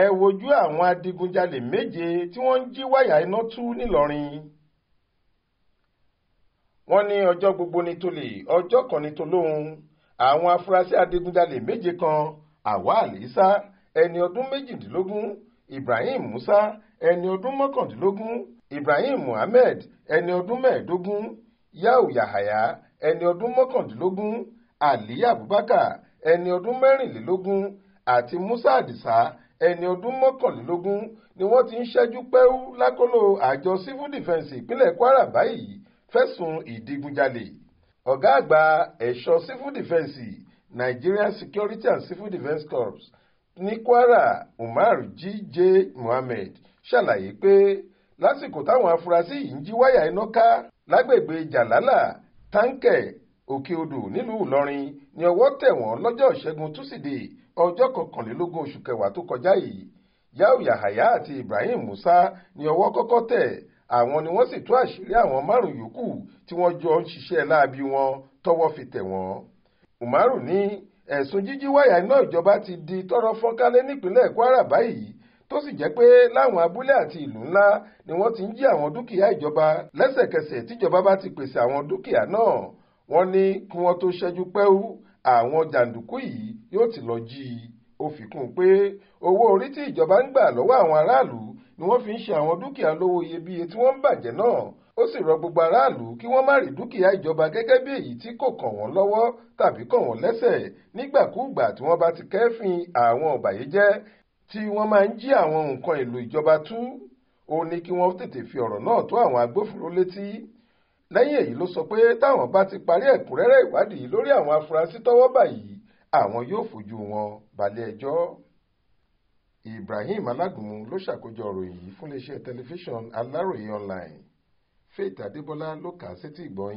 ẹ wojú àwọn adigunjalè méje tí wọ́n ń jí wáyà iná tú nìlọrin wọ́n ní ọjọ́ gbogbo ni tolè ọjọ́ kan ni tolóhun àwọn afurasí adigunjalè méje kan àwa àlìsá ẹni ọdún méjìdínlógún ibrahim musa ẹni ọdún mọ́kàndínlógún ibrahim muhammed ẹni ọdún mẹ́ẹ̀ẹ́dógún yau yahaya ẹni ọdún mọ́kàndínlógún ali abubakar ẹni ọdún mẹ́rìnlélógún àti musa adisa ẹni ọdún mọ́kànlélógún ni wọ́n ti ń ṣẹ́jú pẹ́rú lákọlò àjọ civil defence ìpínlẹ̀ kwara báyìí fẹ̀sùn ìdígunjalè ọ̀gá àgbà ẹ̀ṣọ́ civil defence Nigerian Security and Civil Defence Corps ní kwara umar G.J. Mohammed ṣàlàyé pé lásìkò táwọn afurasí yìí ń jí wáyà iná ká lágbègbè jàlálà táǹkẹ̀ òkè odò nílùú ìlọrin ni ọwọ́ tẹ̀ wọ́n lọ́jọ́ ìṣẹ́gun túsídẹ̀ẹ́ ọjọ́ kọkànlélógún oṣù kẹwàá tó kọjá yìí yahoo yahaya àti ibrahim musa ni ọwọ́ kọ́kọ́ tẹ̀ àwọn ni wọ́n sì tú àṣírí àwọn márùn-ún yòókù tí wọ́n jọ ń ṣiṣẹ́ láabi wọn tọ́wọ́ fi tẹ̀ wọ́n. umaru ní ẹ̀sùn jíjí wáyà iná ìjọba ti di tọrọ fọ́nkálé nípínlẹ̀ kwara báyìí tó sì jẹ́ pé láwọn abúlé àti ìlú ńlá ni wọ́n ti ń jí àwọn dúkìá ìjọba lẹ́sẹ̀kẹsẹ̀ tíjọba bá ti pèsè àwọn dúkìá náà wọ́n ní kí wọ́n tó ṣẹ́jú pẹ́rú àwọn jàǹdùkú yìí yóò ti lọ jí i ó fi kún un pé owó orí tí ìjọba ń gbà lọ́wọ́ àwọn aráàlú ni wọ́n fi ń ṣe àwọn dúkìá lówó iyebíye tí wọ́n ń bàjẹ́ náà ó sì rọ gbogbo aráàlú kí wọ́n má rí dúkìá ìjọba gẹ́gẹ́ bí èyí tí kò kàn wọ́n lọ́wọ́ tàbí kàn wọ́n lẹ́sẹ̀ nígbàkúùgbà tí wọ́n bá ti kẹ́fìn àwọn ọ̀bàyéjẹ́ tí wọ́n máa ń jí àwọn nǹkan èlò ìjọba tú ó ní kí wọ́n tètè fi ọ̀rọ̀ náà tó àwọn agbófinró létí lẹ́yìn èyí ló sọ pé táwọn bá ti parí ẹ̀kúnrẹ́rẹ́ ìwádìí lórí àwọn afurasí tọ́wọ́ báyìí àwọn yóò fojú wọn balẹ̀-ẹjọ́ Ibrahim Alágúnmu ló ṣàkójọ ìròyìn yìí fún iléeṣẹ́ tẹlifíṣàn Aláròye online Faith Adébọlá ló kà á sétí ìgbọ́